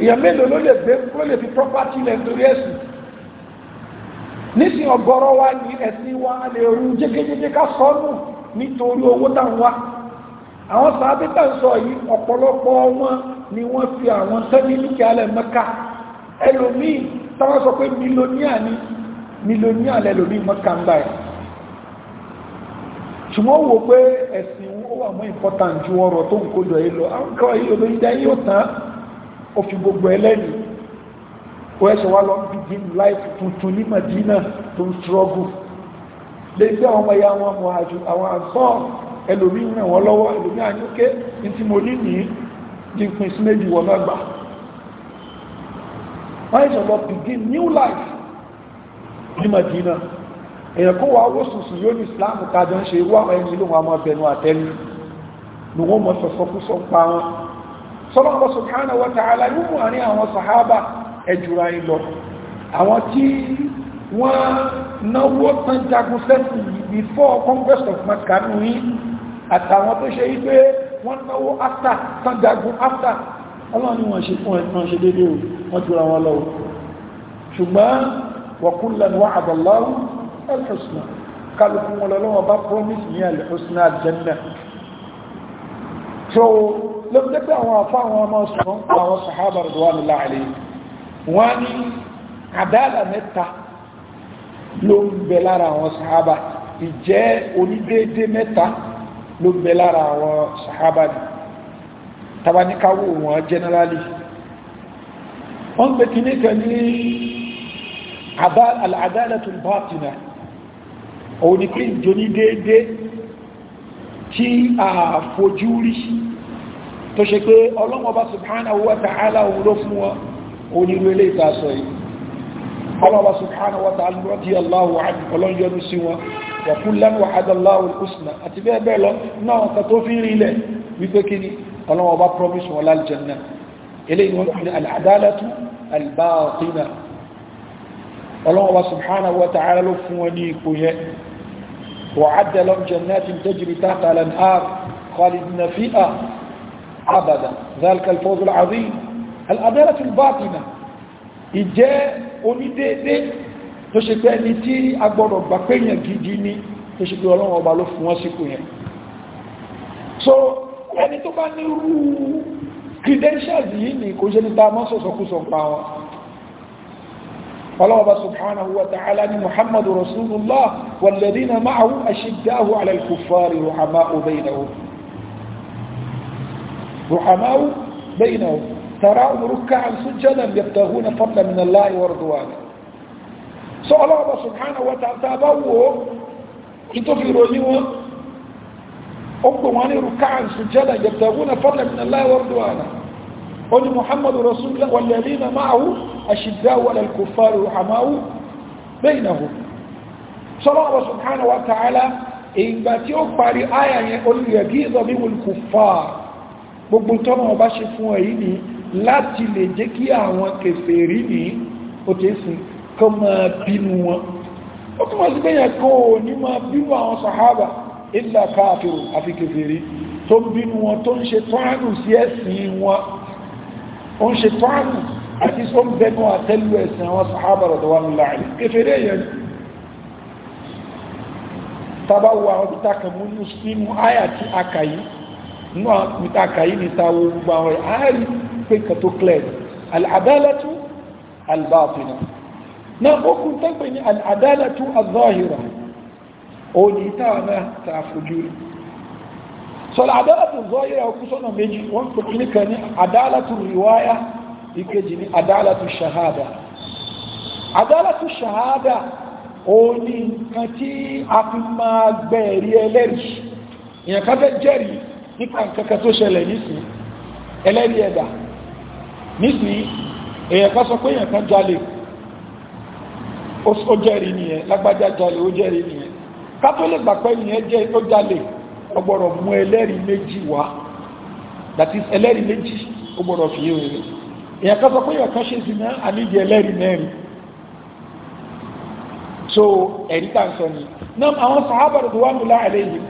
èèyàn mélòó ló lè gbé ló lè fi property lẹ̀ nítorí ẹ̀sìn nísìn ọ̀gọ̀rọ̀ wa ní ẹ̀sìn wa lè rú jégéjégé ká sọ́nù nítorí owó tá ń wá àwọn sàábí tá ń sọ yìí ọ̀pọ̀lọpọ̀ wọn ni wọ́n fi àwọn sẹ́ni dúkìá lẹ̀ mọ́ká ẹlòmí táwọn sọ pé mílíọ̀níà ni mílíọ̀níà lẹ́lòmí mọ́ká ń báyìí tí wọ́n wò pé ẹ̀sìn ó wà mọ́ important ju ọ̀rọ̀ tó ń kójọ yìí lọ àwọn kan yìí olóyìn dá yóò tán ó fi gbogbo ẹlẹ́yìn ó ẹ̀ṣẹ̀ begin life tuntun ní Madina tó ń struggle lè gbé àwọn ọmọ ya wọn mọ̀ àjò àwọn àǹsán ẹlòmí ràn wọ́n lọ́wọ́ ẹlòmí àyókè ní tí mo ní ní ní pin sí méjì wọ́n náà gbà new life ní Madina èèyàn kó wa owó sùsù yóò ní islam tàbí ń ṣe irú àwọn ẹni ló wọn máa bẹnu àtẹnu ni wọn mọ sọsọ kú sọ pa wọn sọlọ lọ subhanahu wa ta'ala yóò mú àárín àwọn sahaba ẹjùra yìí àwọn tí wọn náwó tán jagun sẹ́sìn before conquest of Mecca nìyí àtàwọn tó ṣe wípé wọ́n náwó after tán jagun after ọlọ́run ni wọ́n ṣe fún ẹ̀kan alhusna kálukú wọn lọ́wọ́ bá promise ní alhusna aljanna so ló jẹ́ pé àwọn afá àwọn ọmọ sọ̀rọ̀ àwọn sàhábà rẹ̀ wà nílá àlè wọ́n ní àdáàlà mẹ́ta ló ń bẹ lára àwọn sàhábà ìjẹ́ onídéédé mẹ́ta ló ń bẹ lára àwọn sàhábà ni tabanikawo wọn generally wọ́n gbé kíní kan ní àdáàlà tó bá tìǹà òun ni pé ìjọ ní déédé tí a fojú rí tó ṣe pé ọlọ́mọba subhanahu wa ta'ala òun ló fún wọn onírú ilé ìtasọ yìí ọlọ́mọba subhanahu wa ta'ala radiyallahu anhu ọlọ́njọ́nu sí wọn wa kullan wa'adallahu al ló fún wọn ní ipò yẹn وعد لهم جنات تجري تحت الانهار خالدين فيها ابدا ذلك الفوز العظيم العداله الباطنه ìjẹ́ onídéédé tó ṣe pé ẹni tí a gbọ́dọ̀ gbà pé èèyàn gidi ni tó ṣe pé ọlọ́run ọba ló fún wọn sípò yẹn so ẹni tó bá ní irú credentials yìí ni kò ṣe ní ta mọ́sọ̀sọ̀kúsọ̀ pa wọn الله سبحانه وتعالى محمد رسول الله والذين معه أشداه على الكفار رحماء بينهم رحماء بينهم تراهم ركعا سجدا يبتغون فضلا من الله ورضوانه سؤال الله سبحانه وتعالى تابوه كتفروا له أمكم أن ركعا سجدا يبتغون فضلا من الله ورضوانه قل محمد رسول الله والذين معه أشداء على الكفار رحماء بينهم صلى الله سبحانه وتعالى ìgbà tí ó parí àyà yẹn olùyẹ̀gí ìzọ̀bíwòl kò fàá gbogbo tọ́nà ọba ṣe fún èyí ni láti lè jẹ́ kí àwọn kèfèrí ní òtẹ́sìn kọ́ máa bínú wọn ó túnmọ̀ sí pé yẹn kọ́ ò ní máa bínú àwọn sàhábà ìlà káàfihàn àfi kèfèrí tó bínú wọn tó ń ṣe tọ́ránù sí ẹ̀sìn wọn ó ń ṣe tọ́ránù àti sọ ń bẹnu àtẹ́lú ẹ̀sìn àwọn sàhábà radiyallahu anhum kéfèrè yẹn tàbá wo àwọn bìtà kan mú nínú àyà tí a kà yìí nínú àwọn bìtà kà yìí ní sáwọ́ gbogbo àwọn rẹ̀ pé kan clear al-adalatu al-batina tẹ́gbẹ̀ ní al-adalatu al ní táwa náà ta fojú rí sọ adalatu al kú sọ́nà méjì wọ́n pè kan ní adalatu riwaya ìkejì ní adálàtú ṣahada adálàtú ṣahada òun ni nǹkan tí a fi máa gbẹ̀ẹ̀rí ẹlẹ́rìí èèyàn ká fẹ́ jẹ́rìí nípa nǹkan kan tó ṣẹlẹ̀ nísìn ẹlẹ́rìí ẹ̀dà nísìn èèyàn ká sọ pé èèyàn kan jalè ó jẹ́rìí nìyẹn lágbájá jalè ó jẹ́rìí nìyẹn ká tó lè gbà pé èèyàn jẹ́ ó jalè ó gbọ́dọ̀ mú ẹlẹ́rìí méjì wá that is ẹlẹ́rìí méjì ó gbọ́dọ̀ fi yé èèyàn kan sọ pé èèyàn kan ṣe zina àníjì ẹlẹ́rìí mẹ́rin so ẹ̀rí tá ń sọ ni náà àwọn sàábà rẹ̀ wà nílá àlẹ́yìn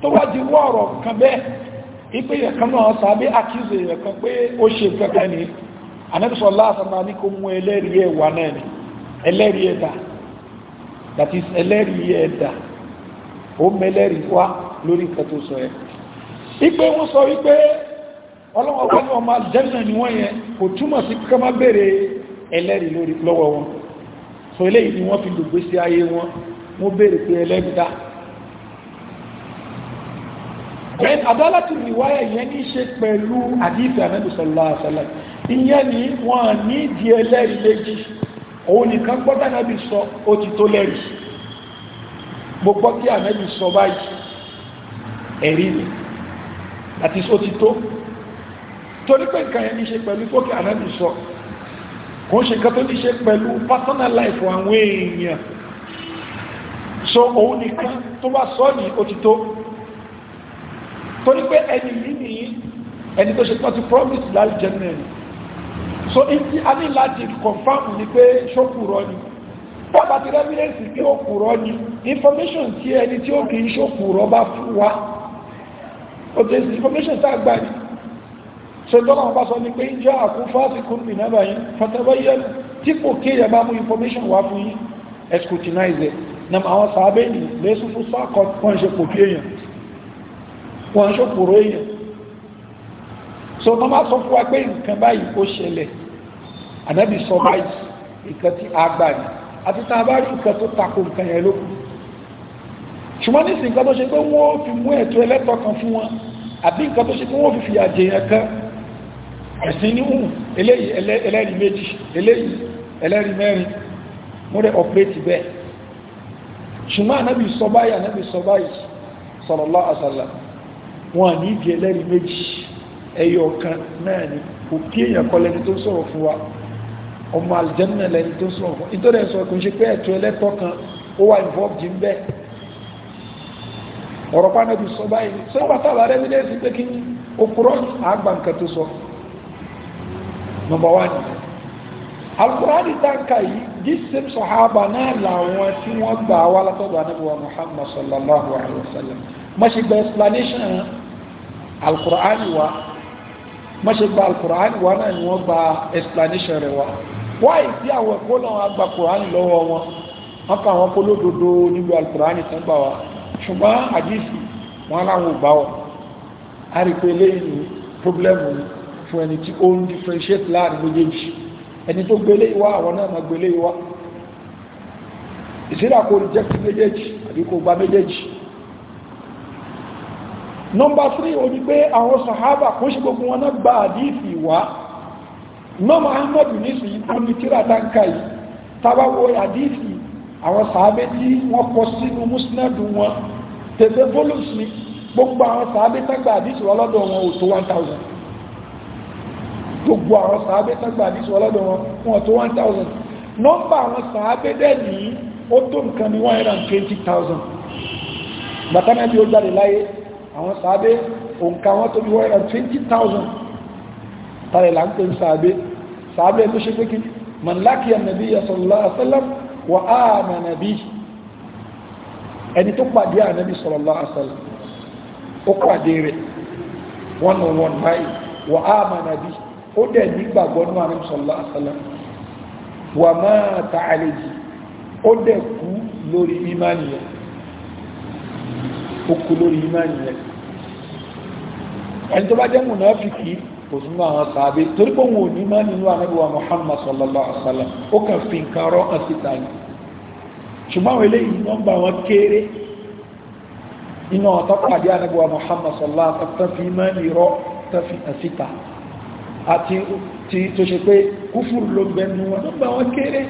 tó wá di wọ́ ọ̀rọ̀ kan bẹ́ẹ̀ ipé èèyàn kan náà sàábé àkíyèsí èèyàn kan pé ó ṣe nǹkan kan ni anẹ́bísọ̀ lásàmà ní kó mú ẹlẹ́rìí ẹ̀ wà náà ni ẹlẹ́rìí ẹ̀dà that is ẹlẹ́rìí ẹ̀dà ó mẹ́lẹ́rìí wá lórí nǹkan tó sọ ẹ̀ ipé wọ́n sọ wípé ọlọ́wọ́ pẹ̀lú ọmọ aljanna ni wọ́n yẹn kò túmọ̀ sí kíkọ́ má bèèrè ẹlẹ́rìí lórí lọ́wọ́ wọn so eléyìí ni wọ́n fi lùgbé sí ayé wọn wọ́n bèèrè pé ẹlẹ́rìí dá ẹn adálàtì rìwáyà yẹn ní ṣe pẹ̀lú àdífẹ́ Ànábì ni wọ́n ní di ẹlẹ́rìí léjì òun nìkan gbọ́dá Ànábì sọ ó ti tó lẹ́rìí gbogbo kí Ànábì àti só torí pé nǹkan yẹn ní ṣe pẹ̀lú tókè ànábì sọ kò ń ṣe nǹkan tó ní ṣe pẹ̀lú personal life àwọn èèyàn so òun nìkan tó bá sọ ní òtítọ́ torí pé ẹni yìí ní ẹni tó ṣe pọ́tí promise láti jẹ́ mẹ́rin so ibi a ní láti confam ni pé ṣókùrọ́ ni bàbá ti rẹ́fídẹ́ǹsì pé ó kùrọ́ ni information tí ẹni tí ó kìí ṣókùrọ́ bá fún wa ó tẹ́sí information tá a gbà ní sọjọ́lá bá sọ ní pé ń jẹ́ àkún fásikún mi náà báyìí fatabayyanu tí kò kéèyàn bá mú information wá fún yín escrutinize na àwọn sàábẹ́ ní lẹ́sùn fún sáàkọ̀ wọ́n ṣe pò kéèyàn wọ́n ṣe pòrò èèyàn so wọ́n máa sọ fún wa pé nǹkan báyìí ó ṣẹlẹ̀ ànábì sọ báyìí nǹkan tí a gbà ní àti tá a bá rí nǹkan àbí nǹkan tó ṣe pé wọ́n fi fìyà jẹyàn kan ẹ̀sìn ní hùn eléyìí ẹlẹ́rìí méjì eléyìí ẹlẹ́rìí mẹ́rin mú rẹ̀ ọ̀pẹ́tì bẹ́ẹ̀ ṣùgbọ́n anábì sọ báyìí anábì sọ báyìí sallallahu alaihi wasallam wọn ní ìdí ẹlẹ́rìí méjì ẹyọ ọ̀kan náà ni òkè èèyàn kọ́ lẹni tó sọ̀rọ̀ fún wa ọmọ aljanna lẹni tó sọ̀rọ̀ fún ìtọ́lẹ̀ sọ kò ń ṣe pé ẹ̀tọ́ ẹlẹ́tọ́ kan sọ báyìí sọ ìgbà nílé sí pé kí okùrọ́ àgbà nǹkan tó sọ number one alukurani tanka yìí this same sahaba náà làwọn tí wọ́n gbà wá látọ̀dọ̀ anábíwá muhammad sallallahu alaihi wasallam. sallam maṣe gba explanation alukurani wa maṣe gba alukurani wa náà ni wọ́n gba explanation rẹ̀ wa wáyé tí àwọn ẹ̀kọ́ náà wọ́n gba kurani lọ́wọ́ wọn wọ́n kà wọ́n polódodo níbi alukurani tán gbà wá ṣùgbọ́n àdìsí wọn làwọn ò bá wọn a rí pé eléyìí ní pọ́blẹ́mù fún ẹni tí ó ń differentiate láàrin méjèèjì ẹni tó gbélé ìwá àwọn náà máa gbélé ìwá ìsílẹ̀ kò reject méjèèjì àbí kò gba méjèèjì nọmba 3 ó ní pé àwọn sàhábà kò ṣe gbogbo wọn náà gba àdífì ìwá nọ́mà ahmed nìsí omi tíra dáńkà yìí tàbáwọ àdífì àwọn sàábé tí wọ́n kọ sínú musnadu wọn tẹ̀fẹ́ volumes ni gbogbo àwọn sàábé tágbà àdífì wọn lọ́dọ̀ wọn ò tó 1000 gbogbo àwọn sàábé tágbà ní sọ́lọ́dọ̀ wọn wọn tó 1000 nọ́mbà àwọn sàábé dẹ̀ ní ó tó nǹkan ní 120000 bàtánà bí ó jáde láyé àwọn sàábé òǹkà wọn tó bí 120000 tàrẹ là ń pè sàábé sàábé ló ṣe pé kí man lákìyà nàbí sallallahu alaihi wasallam wa amana ó dẹ̀ nígbàgbọ́ ní àrùn sọ̀lá àsàlá wà máa ta àlejì ó dẹ̀ kú lórí ìmánìyẹ ó kú lórí ìmánìyẹ ẹni tó bá jẹ́ mùnáfíkì kò sínú àwọn sàábé torí pé òun ò ní má nínú àmẹ́bíwá Muhammad sallallahu alaihi wasallam ó kàn fi nǹkan rọ́ hàn síta ni ṣùgbọ́n kéré iná ọ̀tọ́pàdé àmẹ́bíwá Muhammad sallallahu alaihi wasallam fi má nírọ́ tó fi hàn àti ti tó ṣe pé kúfùrù ló bẹnu wọn nígbà wọn kéré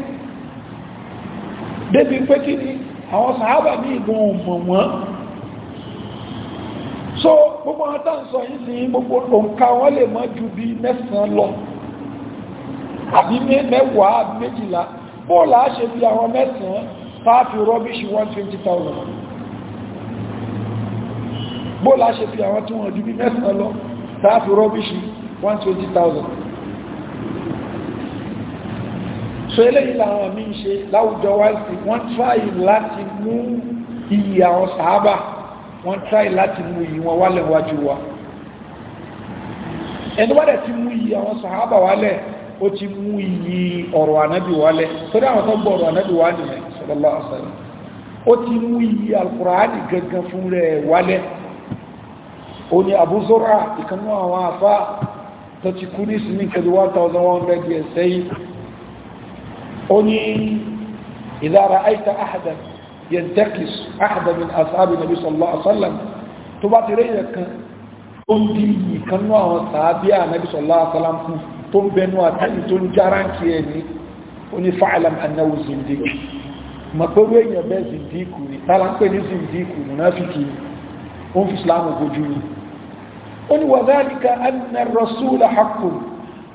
débi pé kí ni àwọn sàábà ní ìgbọn ọmọ wọn so gbogbo àwọn táǹsọ yìí sí gbogbo òǹkà wọn lè mọ́ ju bí mẹ́sàn-án lọ àbí mẹ́wàá àbí méjìlá bóòlà á ṣe fi àwọn mẹ́sàn-án pàápì rọ́bíṣì 120,000 bóòlà á ṣe fi àwọn tí wọ́n ju bí mẹ́sàn-án lọ pàápì rọ́bíṣì 120,000 one twenty thousand. so eléyìí làwọn míì ṣe láwùjọ wá sí wọ́n tíráyì láti mú iyì àwọn sàábà wọ́n tíráyì láti mú iyì wọn wálẹ̀ wájú wa ẹni wálẹ̀ ti mú iyì àwọn sàábà wálẹ̀ ó ti mú iyì ọ̀rọ̀ ànábì wálẹ̀ torí àwọn tó gbọ́ ọ̀rọ̀ ànábì wá nìyẹn sallallahu alaihi wasallam ó ti mú iyì alkùránì gangan fún rẹ̀ wálẹ̀ ó ní Abu Zur'a ìkànnú àwọn afá tó ti kú ní sinmi kẹ́lú 1100 years sẹ́yìn ó ní ìdára àìta àhàdà yẹntẹ́kìs àhàdà min asáàbì nàbí sallallahu alaihi wasallam tó bá ti rẹ̀ yẹ kan ó ń di ìkanú àwọn sàábí ànàbí sallallahu alaihi wasallam fún tó ń bẹnu àtẹ́yìn tó ń jára ń kí ẹni ó fa'alam annahu ó ní wàdálíkà anna rasúlà hakùn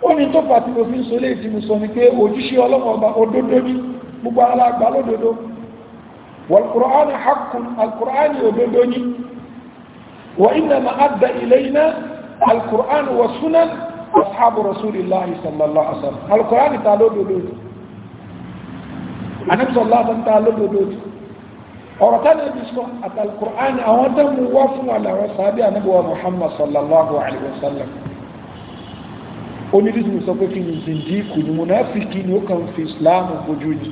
ó ní tó pàtí mo fi ń sọlé tí mo sọ ní pé òjíṣẹ́ ọlọ́wọ́ ọba òdodo ní gbogbo alágbà lódodo wàlùkùránì hakùn alkùránì òdodo ní wà iná ma adda ilé iná alkùránì wà súnà asáàbù rasúlìláhi sallallahu alaihi ọ̀rọ̀ táwọn ẹbí sọ àtàlùkùrán àwọn tó mú wá fún wa làwọn sàábì ànábì wa Muhammad sallallahu alayhi wa sallam onídìsí mi sọ pé kí ni zindiku ni munafiki ni ó kàn fi Islam bojú ni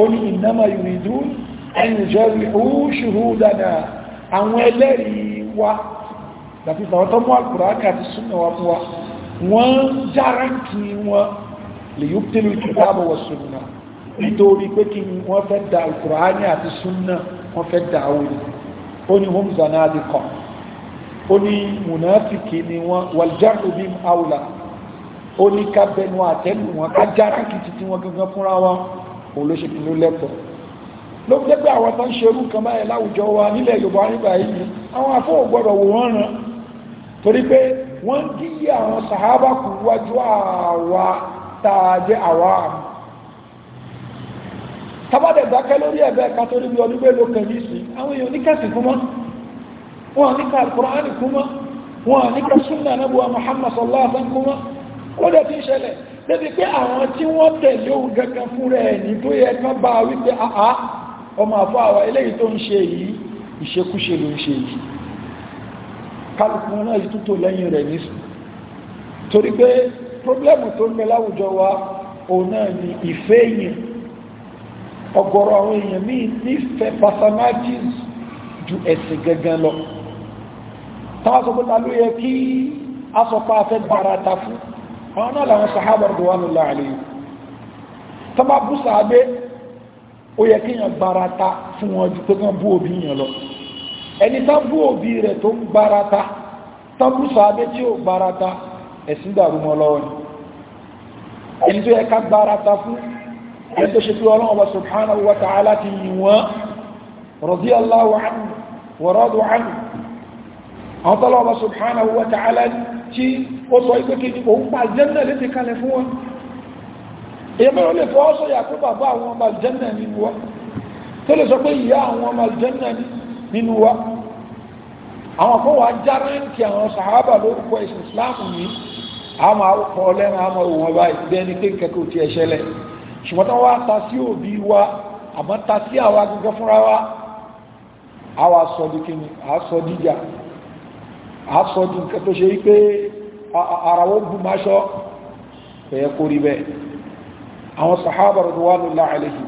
ó ní innama yuridun an yujri'u shuhudana àwọn ẹlẹ́rìí wa tàbí sàwọn tó mú àkùrán àti súnmọ́ wa fún wa wọ́n jára kí lè yóò tẹ́lẹ̀ ìtìbábọ̀ wa sunnah nítorí pé kí wọ́n fẹ́ da Kùránì àti súnà wọ́n fẹ́ da òní ó ní hum zanadiqa ó ní mùnáfìkì ni wọ́n wàljáàrù bí aula ó ní ká bẹnu àtẹ́lù wọn ká jára kìtì tí wọ́n gangan fúnra wọn ò ló ṣe kí ló lẹ́tọ̀ọ́ ló fi dẹ́gbẹ́ àwọn tó ń ṣerú kan báyìí láwùjọ wa nílẹ̀ Yorùbá nígbà yìí àwọn afọ́wò gbọ́dọ̀ wò wọ́n ràn torí pé wọ́n díyẹ àwọn sàhábà kù wájú àwa tá àwa àmú tabadẹ dákẹ́ lórí ẹ̀bẹ̀ ká torí bí ọdún mélòó kan yìí sí àwọn èèyàn oníkàsí fún mọ́ wọn àníkà alukur'ani fún mọ́ wọn àníkà sunna anabu wa muhammad sallallahu alaihi wa sallam fún mọ́ ó dẹ̀ ti ń ṣẹlẹ̀ débi pé àwọn tí wọ́n tẹ̀lé òun gangan fún rẹ̀ ní tó yẹ kán bá wípé àá ọmọ àfọ àwà eléyìí tó ń ṣe yìí ìṣekúṣe ló ń ṣe yìí kálukú yìí tútò lẹ́yìn rẹ̀ ní torí pé pọ́blẹ́mù tó ń bẹ láwùjọ wa òun náà ni ìfẹ́ yìí ọ̀gọ̀rọ̀ àwọn èèyàn míì nífẹ̀ẹ́ personalities ju ẹ̀sìn gangan lọ táwọn sọ pé ta ló yẹ kí asọpá afẹ́ gbára ta fún àwọn náà làwọn sàhábà radwanullahi alayhi tọ́bá bú sàábé ó yẹ kí yàn gbára ta fún wọn ju pé ẹ̀sìn dàrú lọ́wọ́ ni ẹni tó yẹ ká gbára ta fún ẹni tó ṣe tí ọlọ́run ọba subhanahu wa ta'ala ti yìn wọ́n radiyallahu anhu wa radu anhu àwọn tọ́lọ́ ọba subhanahu wa ta'ala tí ó sọ ipé kí ní òun pa jẹ́nà lè ti kalẹ̀ fún wọn èyàn mẹ́rin lè fọ́ sọ yà pé bàbá àwọn ọmọ jẹ́nà nínú wa ṣùgbọ́n tó wá ta sí òbí wa àmọ́ ta sí àwa gẹ́gẹ́ fúnra wa àwa sọ di kíni à sọ díjà à sọ di nǹkan tó ṣe rí pé ara wọn bú máṣọ ẹ̀yẹ kó rí bẹ́ẹ̀ àwọn sàhábà radwanullahi alayhi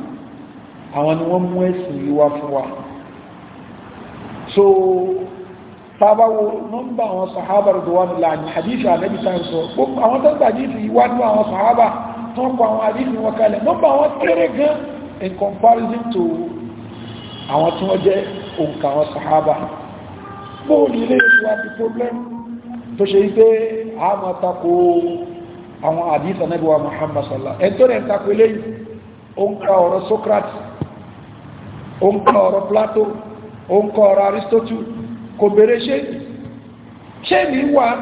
àwọn ni wọ́n mú ẹ̀sìn yìí wá fún wa so tabawo nọ́mbà àwọn sàhábà radwanullahi alayhi hadith ànábì sáyẹn sọ àwọn tó gbàdí ìwádìí àwọn sàhábà tán kọ àwọn àdífì wọn kalẹ̀ nọ́mbà wọn kéré gan in comparison to àwọn tí wọ́n jẹ́ òǹkà àwọn sàhábà bóòlù ilé ìṣù àti problem tó ṣe wípé a máa tako àwọn àdífì anẹ́gbẹ̀wà Muhammad sallah ẹ̀tọ́ rẹ̀ ń tako ilé òǹkà ọ̀rọ̀ Socrates òǹkà ọ̀rọ̀ Plato òǹkà ọ̀rọ̀ Aristotle kò bèrè ṣe ṣe ní wà ń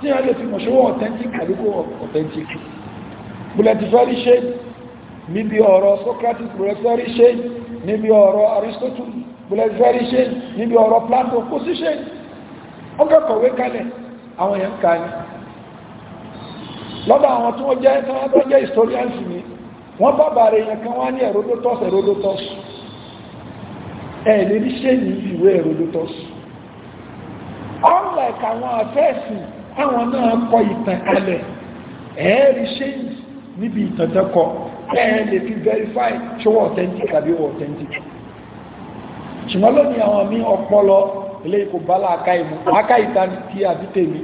tí a lè fi mọ̀ ṣọwọ́ authentic àríkò authentic bulletifari ṣe níbi ọ̀rọ̀ Socrates bulletifari ṣe níbi ọ̀rọ̀ Aristotle bulletifari ṣe níbi ọ̀rọ̀ Plato kò sí ṣe ọkọ̀ kọ̀wé kalẹ̀ àwọn èèyàn ká ní lọ́dọ̀ àwọn tí wọ́n jẹ́ tó jẹ́ historians ni wọ́n bàbà rẹ̀ èèyàn kan wá ní Herodotus Herodotus ẹ̀ lè rí ṣe ní ìwé Herodotus unlike àwọn afẹ́sìn táwọn náà kọ ìtàn kalẹ̀ ẹ̀ẹ́rì ṣéyìn níbi ìtàn tẹ́kọ ẹ̀ẹ́ lè fi verify ṣé authentic àbí wọ́n authentic ṣùgbọ́n lónìí àwọn mí ọpọlọ ilé ikò bala aka ìmú aka ìta ni tí a bí tèmi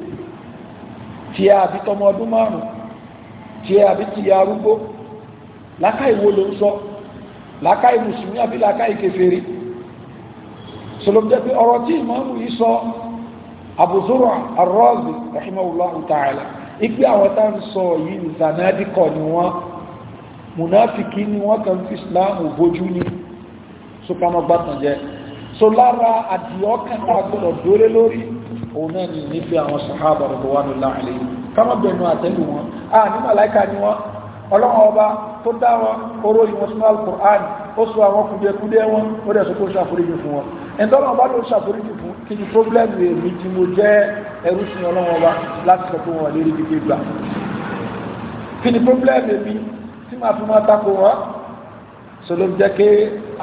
tí a bí tọmọ ọdún márùn tí a bí ti arúgbó láka ìwo ló ń sọ láka ìmùsùlùmí àbí láka ìkẹfẹ́rí sọlọ́m Abu Zur'a ar-Razi rahimahullahu ta'ala ipe àwọn tá ń sọ yìí ní zanadikọ ni wọ́n munafiki ni wọ́n kàn fi islamu bójú ní sọpamọ́gbàtàn jẹ́ so lára àdìọ́kàn agbọ́dọ̀ dóre lórí òun náà ni nífẹ́ àwọn sàhábà radwanullahi alayhim kama bẹnu àtẹ́lù wọn a ní màláìka ni wọn kí ni pọ́blẹ́mù èmi tí mo jẹ́ ẹrú sí ọlọ́wọ́ wa láti sọ fún wọn lérí gbígbé gbà kí ni pọ́blẹ́mù èmi tí màá fi máa tako wọn sọlọ jẹ́ kí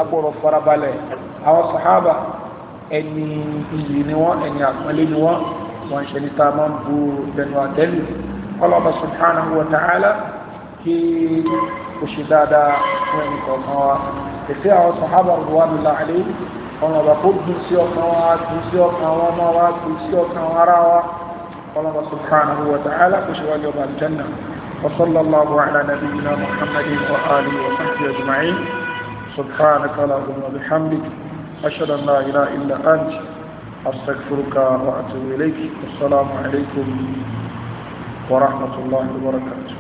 agbọ̀rọ̀ farabalẹ̀ àwọn sàhábà ẹni iyì ni wọ́n ẹni àpọ́nlé ni wọ́n wọ́n ṣe níta máa ń bu bẹnu àtẹ́lù ọlọ́ba subhanahu wa ta'ala kí o ṣe dáadáa fún ẹnì kọ̀ọ̀kan wa ètè àwọn sàhábà rẹ̀ wà lọ́la àlẹ́ ọlọ́ba kó dùn sí ọkàn wa dùn sí ọkàn wa ọmọ wa dùn sí ọkàn wa ara wa ọlọ́ba subhanahu wa ta'ala kò ṣe wájú ọba aljanna وصلى الله على نبينا محمد وآله وصحبه أجمعين سبحانك اللهم وبحمدك أشهد أن لا إله إلا أنت أستغفرك وأتوب إليك والسلام عليكم ورحمة الله وبركاته